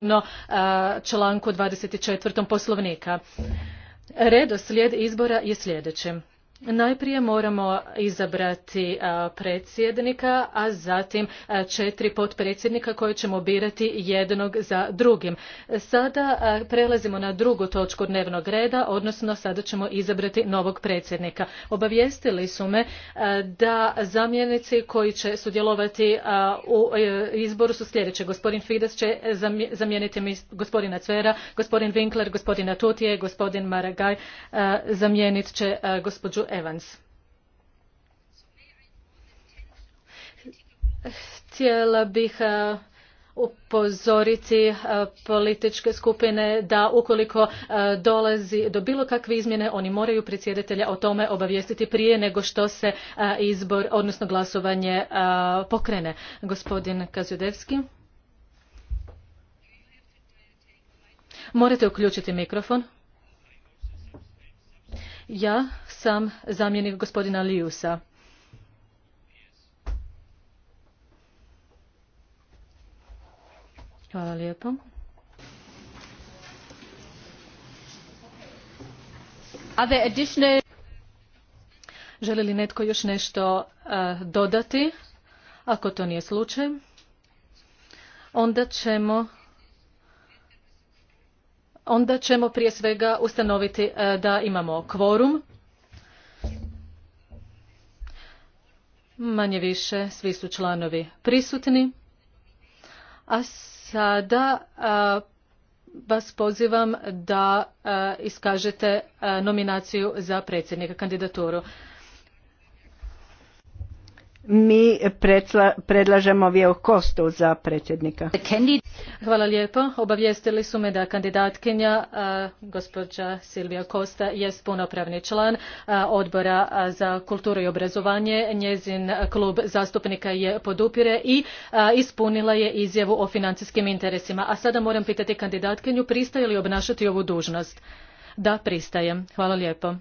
E, članku 24. poslovnika. Redoslijed izbora je sljedeći. Najprije moramo izabrati predsjednika, a zatim četiri potpredsjednika koje ćemo birati jednog za drugim. Sada prelazimo na drugu točku dnevnog reda, odnosno sada ćemo izabrati novog predsjednika. Obavijestili su me da zamjenici koji će sudjelovati u e, izboru su sljedeći. Gospodin Fides će e, zamijeniti gospodina Cvera, gospodin Winkler, gospodina Tutije, gospodin Maragaj zamijenit će gospođu Evans. Htjela bih e, upozoriti e, političke skupine da ukoliko e, dolazi do bilo kakve izmjene oni moraju predsjedatelja o tome obavijestiti prije nego što se izbor odnosno glasovanje pokrene. Gospodin Kazudevski. Morate uključiti mikrofon. Ja sam zamjenik gospodina Lijusa. Hvala lijepo. Želi li netko još nešto e, dodati? Ako to nije slučaj, onda ćemo onda ćemo prije svega ustanoviti e, da imamo kvorum. Manje više svi su članovi prisutni. A sada e, vas pozivam da e, iskažete nominaciju za predsjednika kandidaturu mi predlažemo Vjeo Kostu za predsjednika. Hvala lijepo. Obavijestili su me da kandidatkinja gospođa Silvija Kosta jest punopravni član odbora za kulturu i obrazovanje. Njezin klub zastupnika je podupire i ispunila je izjavu o financijskim interesima. A sada moram pitati kandidatkinju pristaje li obnašati ovu dužnost? Da, pristajem. Hvala lijepo.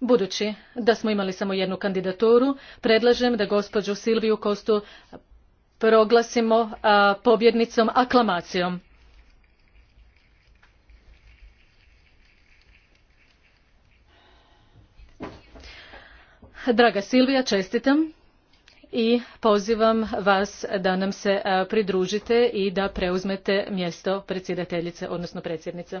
Budući da smo imali samo jednu kandidaturu, predlažem da gospođu Silviju Kostu proglasimo pobjednicom aklamacijom. Draga Silvija, čestitam i pozivam vas da nam se pridružite i da preuzmete mjesto predsjedateljice, odnosno predsjednice.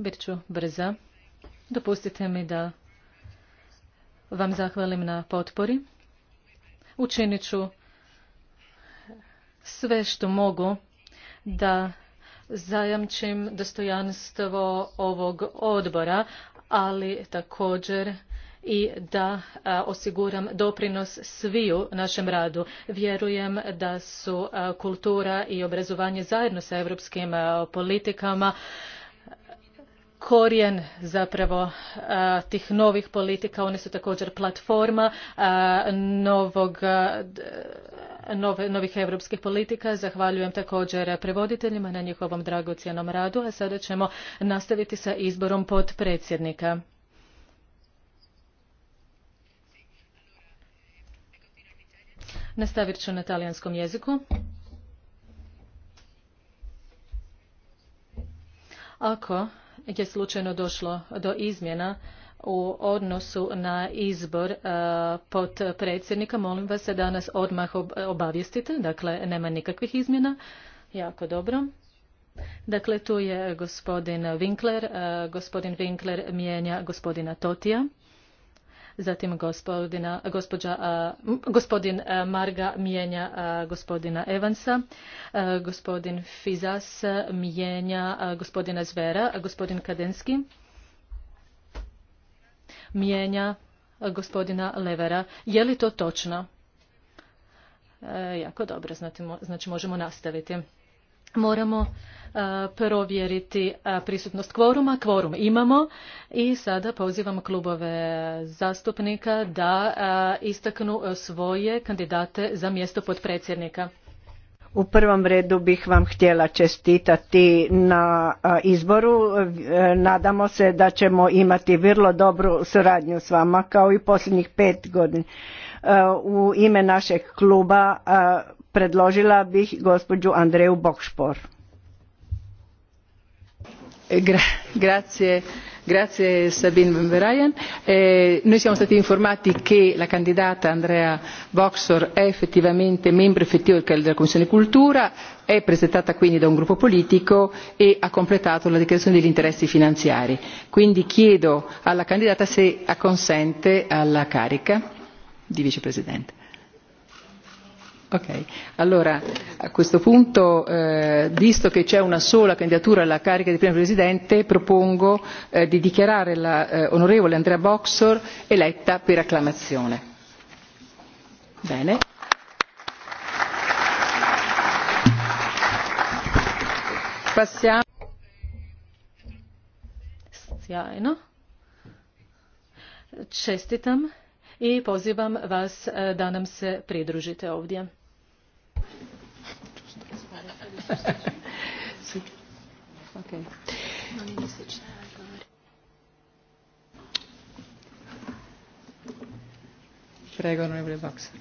Bit ću brza. Dopustite mi da vam zahvalim na potpori. Učinit ću sve što mogu da zajamčim dostojanstvo ovog odbora, ali također i da osiguram doprinos sviju našem radu. Vjerujem da su kultura i obrazovanje zajedno sa europskim politikama korijen zapravo tih novih politika one su također platforma novog, novih europskih politika zahvaljujem također prevoditeljima na njihovom dragocjenom radu a sada ćemo nastaviti sa izborom potpredsjednika nastavit ću na talijanskom jeziku ako je slučajno došlo do izmjena u odnosu na izbor e, potpredsjednika. Molim vas se danas odmah obavijestite. Dakle, nema nikakvih izmjena. Jako dobro. Dakle, tu je gospodin Winkler. E, gospodin Winkler mijenja gospodina Totija. Zatim gospodina, gospodin Marga mijenja gospodina Evansa, gospodin Fizas mijenja gospodina Zvera, gospodin Kadenski mijenja gospodina Levera. Je li to točno? E, jako dobro, znači, znači možemo nastaviti. Moramo E, provjeriti e, prisutnost kvoruma. Kvorum imamo i sada pozivam klubove zastupnika da e, istaknu svoje kandidate za mjesto potpredsjednika. U prvom redu bih vam htjela čestitati na izboru. Nadamo se da ćemo imati vrlo dobru suradnju s vama kao i posljednjih pet godina. U ime našeg kluba predložila bih gospođu Andreju Bokšpor grazie, sabine van der Eh, noi siamo stati informati che la candidata Andrea Boxor è effettivamente membro effettivo della Commissione Cultura, è presentata quindi da un gruppo politico e ha completato la dichiarazione degli interessi finanziari. Quindi chiedo alla candidata se acconsente alla carica di vicepresidente allora a questo punto, eh, visto che c'è una sola candidatura alla carica di primo presidente, propongo eh, di dichiarare l'onorevole eh, onorevole Andrea Boxor eletta per acclamazione. Bene. Sjajno. Čestitam i pozivam vas da nam se pridružite ovdje okay. Prego, Congratulations.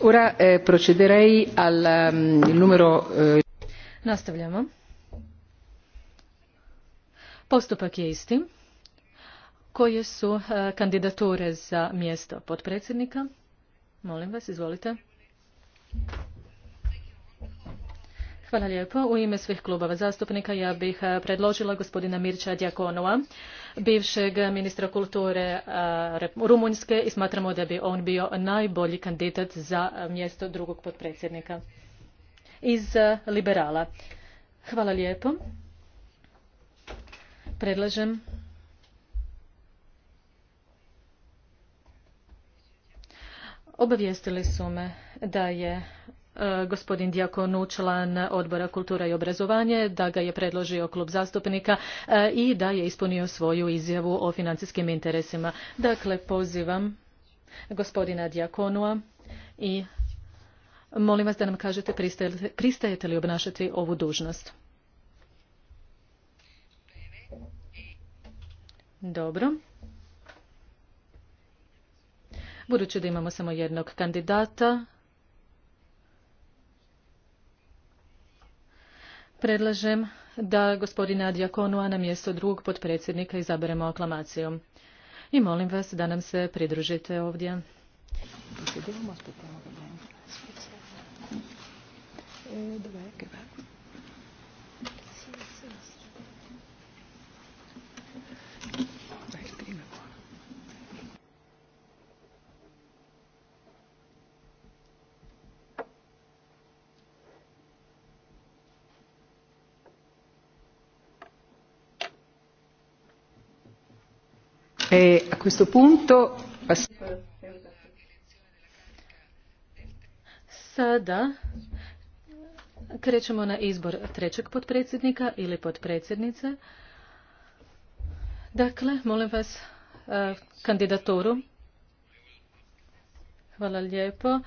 Eh, al ehm, numero... Eh, Nastavljamo. Postupak je isti. Koje su eh, kandidature za mjesto potpredsjednika? Molim vas, izvolite. Hvala lijepo. U ime svih klubova zastupnika ja bih predložila gospodina Mirča Djakonova, bivšeg ministra kulture Rumunjske i smatramo da bi on bio najbolji kandidat za mjesto drugog potpredsjednika iz liberala. Hvala lijepo. Predlažem Obavijestili su me da je E, gospodin Dijakonu, član odbora kultura i obrazovanje, da ga je predložio klub zastupnika e, i da je ispunio svoju izjavu o financijskim interesima. Dakle, pozivam gospodina Dijakonua i molim vas da nam kažete pristajete li obnašati ovu dužnost. Dobro. Budući da imamo samo jednog kandidata, predlažem da gospodina Djakonua na mjesto drugog potpredsjednika izaberemo aklamacijom. I molim vas da nam se pridružite ovdje. E, a Sada krećemo na izbor trećeg potpredsjednika ili potpredsjednice. Dakle, molim vas e, kandidaturu. Hvala lijepo.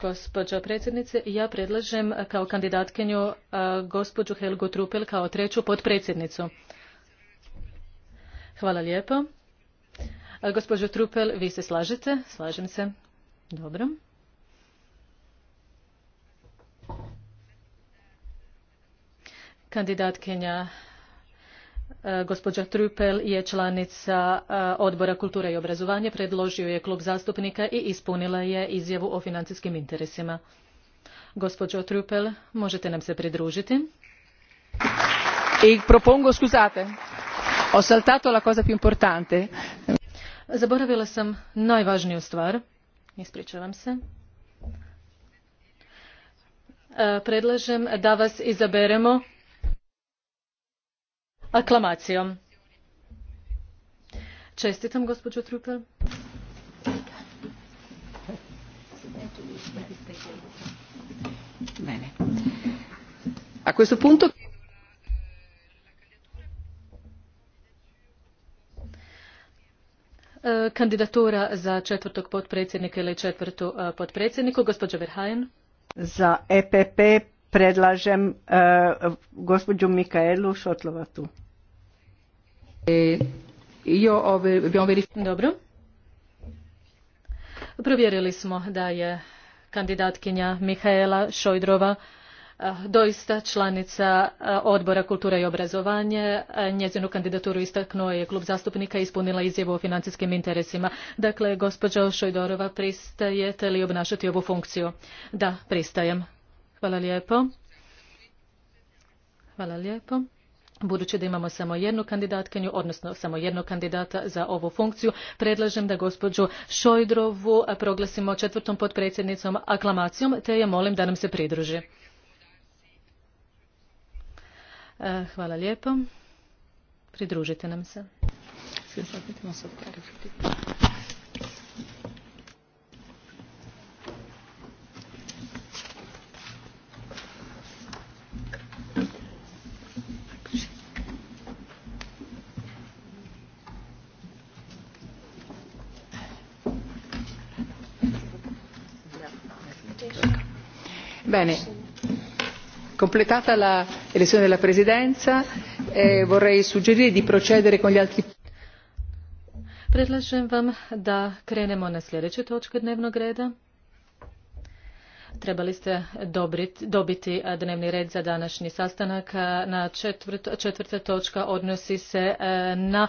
Gospođo predsjednice, ja predlažem kao kandidatkinju e, gospođu Helgu Trupel kao treću potpredsjednicu. Hvala lijepo. E, gospođo Trupel, vi se slažete? Slažem se. Dobro. Kandidatkinja e, gospođa Trupel je članica e, odbora kulture i obrazovanje, predložio je klub zastupnika i ispunila je izjavu o financijskim interesima. Gospođo Trupel, možete nam se pridružiti? I propongo, scusate ho saltato la cosa più importante zaboravila sam najvažniju stvar ispričavam se e, predlažem da vas izaberemo aklamacijom čestitam gospođo Trupel. a questo punto E, kandidatura za četvrtog potpredsjednika ili četvrtu e, potpredsjedniku. Gospođa Verhajen. Za EPP predlažem e, gospođu Mikaelu Šotlovatu. Dobro. Provjerili smo da je kandidatkinja Mihaela Šojdrova Eh, doista članica eh, odbora kultura i obrazovanje. Eh, njezinu kandidaturu istaknuo je klub zastupnika i ispunila izjavu o financijskim interesima. Dakle, gospođo Šojdorova, pristajete li obnašati ovu funkciju? Da, pristajem. Hvala lijepo. Hvala lijepo. Budući da imamo samo jednu kandidatkinju, odnosno samo jednog kandidata za ovu funkciju, predlažem da gospođu Šojdrovu proglasimo četvrtom potpredsjednicom aklamacijom, te je molim da nam se pridruži. E, hvala lijepo. Pridružite nam se. Bene, completata la elezione della presidenza e vorrei suggerire di procedere con gli altri Predlažem vam da krenemo na sljedeću točke dnevnog reda. Trebali ste dobiti dnevni red za današnji sastanak. Na četvrta točka odnosi se e, na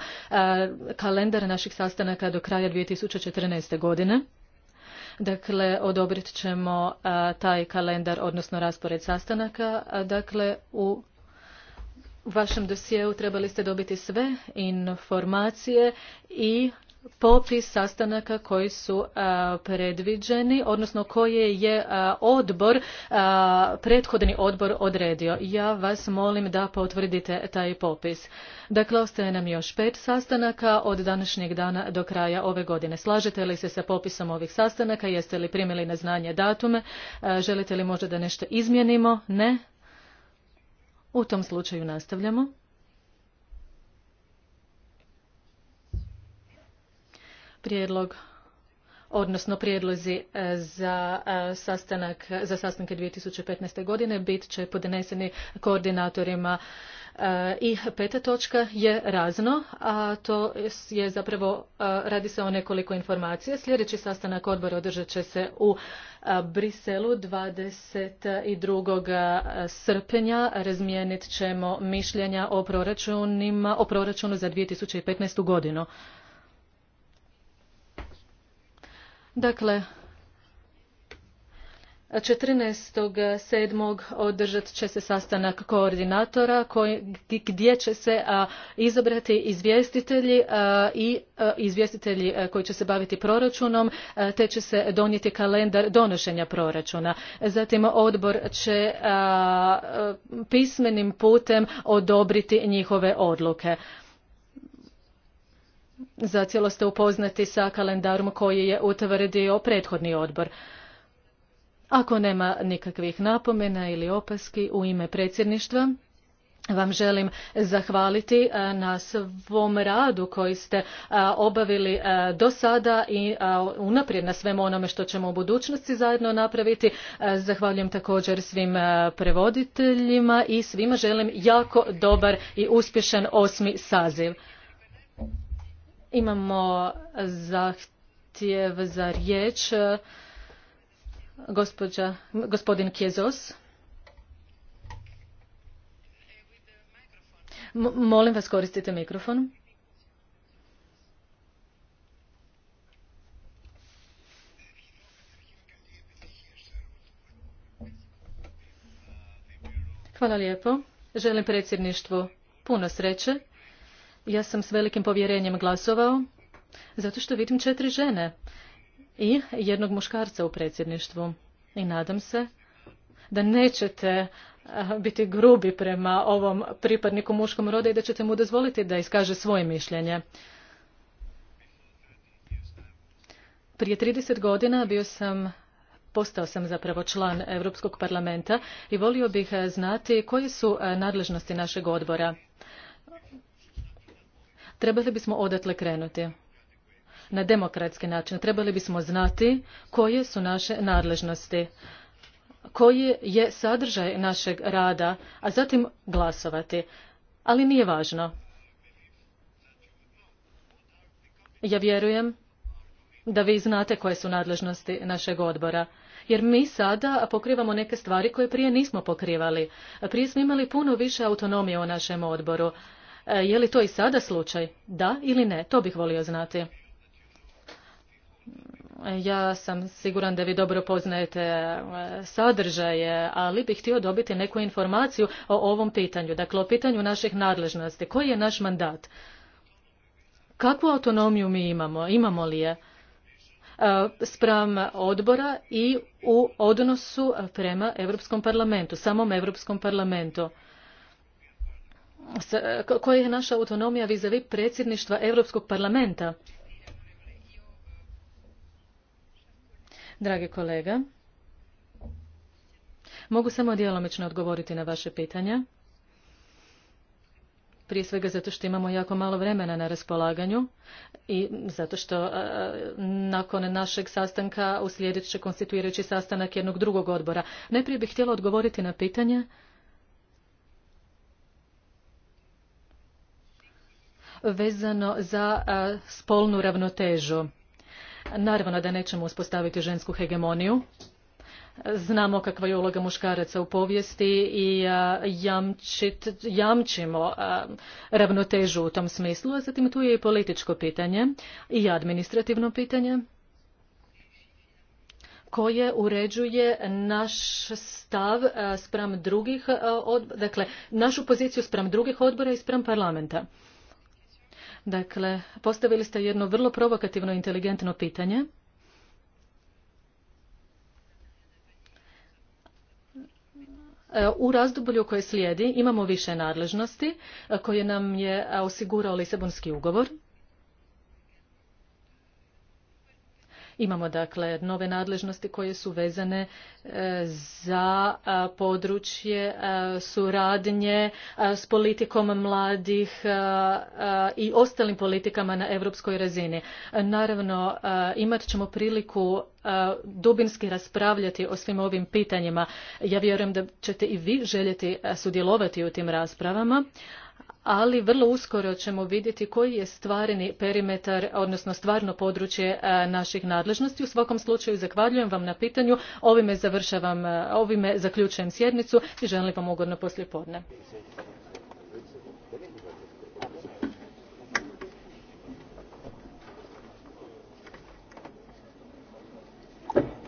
kalendar naših sastanaka do kraja 2014. godine. Dakle, odobrit ćemo taj kalendar, odnosno raspored sastanaka. Dakle, u vašem dosjeu trebali ste dobiti sve informacije i popis sastanaka koji su e, predviđeni, odnosno koje je e, odbor, e, prethodni odbor odredio. Ja vas molim da potvrdite taj popis. Dakle, ostaje nam još pet sastanaka od današnjeg dana do kraja ove godine. Slažete li se sa popisom ovih sastanaka? Jeste li primili na znanje datume? Želite li možda da nešto izmijenimo? Ne? U tom slučaju nastavljamo. prijedlog odnosno prijedlozi e, za e, sastanak za sastanke 2015. godine bit će podneseni koordinatorima e, i peta točka je razno, a to je zapravo, radi se o nekoliko informacija. Sljedeći sastanak odbora održat će se u Briselu 22. srpnja. Razmijenit ćemo mišljenja o proračunima, o proračunu za 2015. godinu. Dakle, 14.7. održat će se sastanak koordinatora gdje će se izabrati izvjestitelji i izvjestitelji koji će se baviti proračunom te će se donijeti kalendar donošenja proračuna. Zatim odbor će pismenim putem odobriti njihove odluke za cijelo ste upoznati sa kalendarom koji je utvrdio prethodni odbor. Ako nema nikakvih napomena ili opaski u ime predsjedništva, vam želim zahvaliti e, na svom radu koji ste e, obavili e, do sada i unaprijed na svemu onome što ćemo u budućnosti zajedno napraviti. Zahvaljujem također svim prevoditeljima i svima želim jako dobar i uspješan osmi saziv. Imamo zahtjev za riječ. E, gospodin Kjezos. molim vas koristite mikrofon. Hvala lijepo. Želim predsjedništvu puno sreće ja sam s velikim povjerenjem glasovao zato što vidim četiri žene i jednog muškarca u predsjedništvu. I nadam se da nećete biti grubi prema ovom pripadniku muškom roda i da ćete mu dozvoliti da iskaže svoje mišljenje. Prije 30 godina bio sam postao sam zapravo član Europskog parlamenta i volio bih znati koje su nadležnosti našeg odbora. Trebali bismo odatle krenuti na demokratski način. Trebali bismo znati koje su naše nadležnosti, koji je sadržaj našeg rada, a zatim glasovati. Ali nije važno. Ja vjerujem da vi znate koje su nadležnosti našeg odbora. Jer mi sada pokrivamo neke stvari koje prije nismo pokrivali. Prije smo imali puno više autonomije u našem odboru. E, je li to i sada slučaj? Da ili ne? To bih volio znati. Ja sam siguran da vi dobro poznajete e, sadržaje, ali bih htio dobiti neku informaciju o ovom pitanju. Dakle, o pitanju naših nadležnosti. Koji je naš mandat? Kakvu autonomiju mi imamo? Imamo li je? E, spram odbora i u odnosu prema Europskom parlamentu, samom Europskom parlamentu koja je naša autonomija vizavi predsjedništva Europskog parlamenta? Dragi kolega, mogu samo djelomično odgovoriti na vaše pitanja. Prije svega zato što imamo jako malo vremena na raspolaganju i zato što nakon našeg sastanka uslijedit će konstituirajući sastanak jednog drugog odbora. Najprije bih htjela odgovoriti na pitanje vezano za spolnu ravnotežu. Naravno da nećemo uspostaviti žensku hegemoniju. Znamo kakva je uloga muškaraca u povijesti i jamčimo ravnotežu u tom smislu, a zatim tu je i političko pitanje i administrativno pitanje koje uređuje naš stav spram drugih, dakle našu poziciju spram drugih odbora i spram parlamenta. Dakle, postavili ste jedno vrlo provokativno inteligentno pitanje. E, u razdoblju koje slijedi imamo više nadležnosti e, koje nam je e, osigurao Lisabonski ugovor. Imamo dakle nove nadležnosti koje su vezane e, za područje e, suradnje e, s politikom mladih i ostalim politikama na europskoj razini. Naravno, imat ćemo priliku dubinski raspravljati o svim ovim pitanjima. Ja vjerujem da ćete i vi željeti sudjelovati u tim raspravama, ali vrlo uskoro ćemo vidjeti koji je stvarni perimetar, odnosno stvarno područje e, naših nadležnosti. U svakom slučaju zahvaljujem vam na pitanju, ovime završavam, e, ovime zaključujem sjednicu i želim vam ugodno poslijepodne.